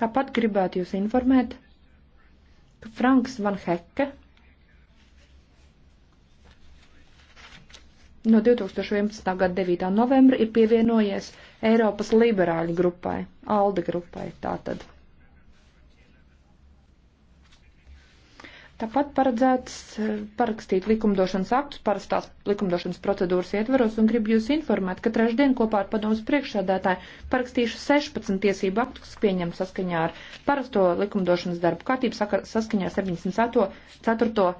Tāpat gribētu jūs informēt, ka Franks Van Hekke no 2011. gada 9. novembra ir pievienojies Eiropas liberāļu grupai, ALDE grupai tātad. Tāpat paredzēts eh, parakstīt likumdošanas aktus parastās likumdošanas procedūras ietveros un gribu jūs informēt, ka trešdien kopā ar padomus priekšsēdētāju parakstīšu 16 tiesību aktus, kas pieņem saskaņā ar parasto likumdošanas darbu kārtību saskaņā ar 74.